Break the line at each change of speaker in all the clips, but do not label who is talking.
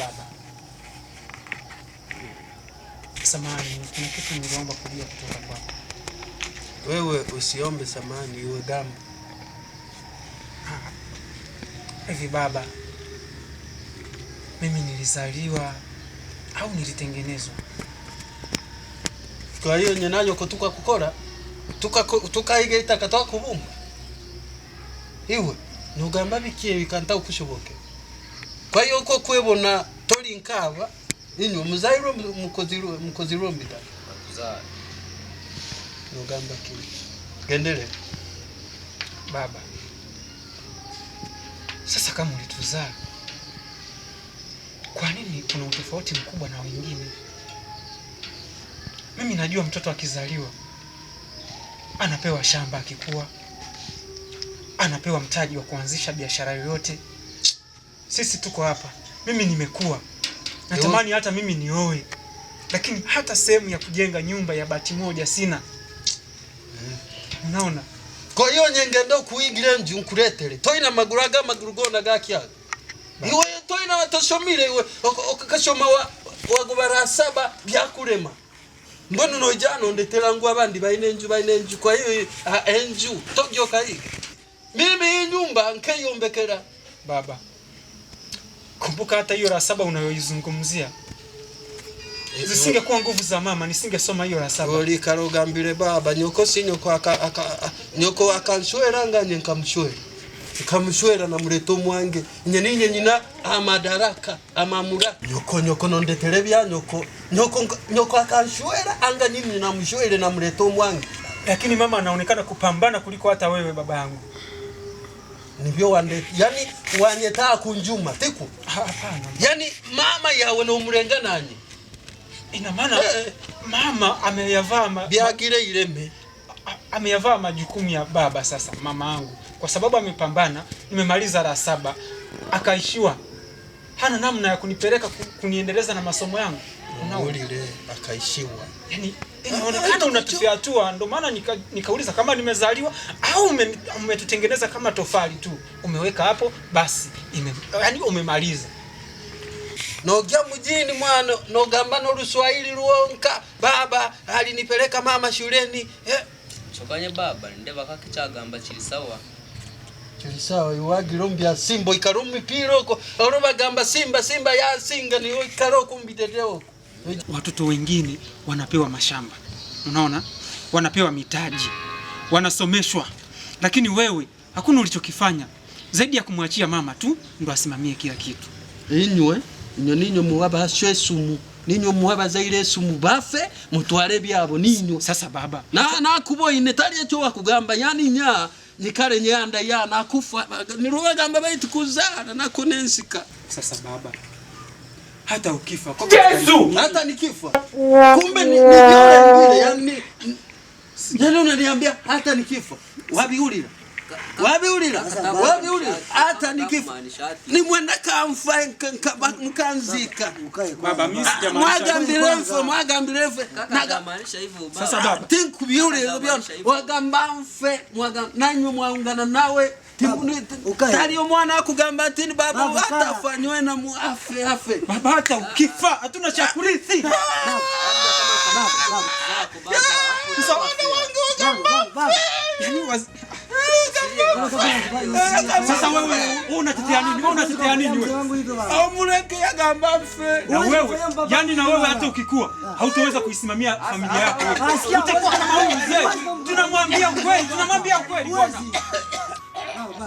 baba, samani, kuna kitu niliomba kujua kutoka kwako.
Wewe usiombe samani, iwe gambo
hivi. Baba, mimi nilizaliwa au nilitengenezwa?
Kwa hiyo nyenalyoko tukakukora tukaigaita tuka katoa kubumba iwe nugamba bikie bikanta ukushoboke kwa hiyo uko kwebona muri nkaba inyo muzairo mukoziro mukoziro mbita nogamba gendele
baba sasa kama ulituzaa kwa nini kuna utofauti mkubwa na wengine mimi najua mtoto akizaliwa anapewa shamba akikua anapewa mtaji wa kuanzisha biashara yoyote sisi tuko hapa mimi nimekuwa natamani hata mimi nioe, lakini hata sehemu ya kujenga nyumba ya bati moja sina. Eh. Unaona?
Kwa hiyo nyengendo kuigire njukuretele toina maguraga magurugona gakia iwe toina watoshomire iwe okakashoma wagobara saba byakurema mbona nojano ndetela ngo abandi baine nju baine nju kwa hiyo ah, enju tobyoka hii mimi hii nyumba nkeyombekera
baba Kumbuka hata hiyo la saba unayoizungumzia eh, zisingekuwa nguvu za mama nisingesoma hiyo la saba.
Oli karogambire baba nyoko si nyoko aka, aka nyoko akanshwera nganye nkamshwera nkamshwera na mleto mwange nye nyeninye nyina amadaraka amamura nyoko nyoko nondetele bya nyoko nyoko nyoko akanshwera anga nyinyi na mshwere na mleto mwange.
Lakini mama anaonekana kupambana kuliko hata wewe baba yangu.
Nivyo wande yani wanyeta kunjuma tiku yani mama yawe no murenga nanyi.
Ina maana eh, mama ameyavaa ma...
byagire ireme.
Ameyavaa majukumu ya baba sasa mama yangu kwa sababu amepambana, nimemaliza la saba akaishiwa, hana namna ya kunipeleka kuniendeleza na masomo yangu
goli ile akaishiwa.
Yani ah, inaonekana yaani, unatufiatua, ndio maana nika, nikauliza kama nimezaliwa au umetutengeneza ume kama tofali tu umeweka hapo basi ime, yani umemaliza
nogya mjini mwana nogamba no Luswahili ruonka baba alinipeleka mama shuleni eh.
chokanye baba ndeva kakichagamba chili sawa
chili sawa iwagi rombi ya simbo ikarumi piroko orobagamba simba simba yasinga niyo ikaroko mbiteteoko
Watoto wengine wanapewa mashamba, unaona, wanapewa mitaji, wanasomeshwa, lakini wewe hakuna ulichokifanya zaidi ya kumwachia mama tu ndo asimamie kila kitu.
inywe inyo ninyo muwaba sumu ninyo muwaba zaire sumu bafe mutware byabo ninyo
sasa baba
na ine tari yacho wakugamba yani nya nikare nyanda ya nakufa nirubagamba bayitukuza nakunensika
sasa baba hata ukifa
kwa Yesu, hata nikifa. Kumbe ni ni yani, yani unaniambia hata nikifa wapi ulila wabiulira wabiulira hata nikifa nimwenda kamfa mkanzika mwagambire mfe mwagambire mfe tinkubiulira byona wagamba mfe nanyu mwaungana nawe tali omwana akugamba ati ni baba atafanywe na muafe afe
baba hata ukifa hatuna cha kurithi sasa wewe unatetea nini? Wewe unatetea nini wewe?
Au mleke yagamba mfe.
Na wewe, yani na wewe hata ukikua hautoweza kuisimamia familia yako. Utakuwa kama huyu mzee. Tunamwambia kweli, tunamwambia kweli.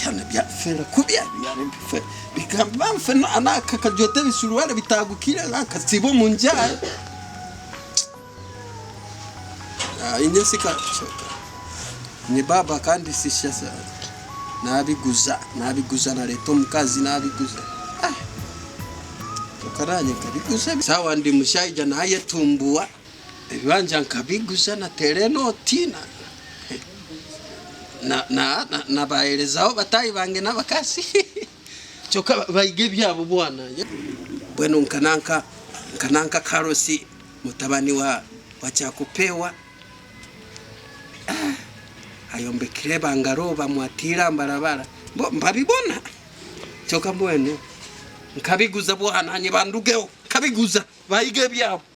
byaranabyafera kubya byarabifera bikamba mfena anaka kajote bitagukira mu ah, inye ni baba kandi nabiguza nabiguza na mukazi nabiguza ah. tukaranye kabiguza sawa ndi mushaija naye tumbua ibibanja nkabiguza na telenoti na na na nabaherezaho batayi bange n'abakasi kyokka bayige byabo bwana bwenu nkananka nkananka karosi mutabani wa wacha wachakupewa ah, ayombekire bangaroba mwatira mbarabara mbabibona kyokka mbwenu nkabiguza bwana nye bandugeho nkabiguza bayige byabo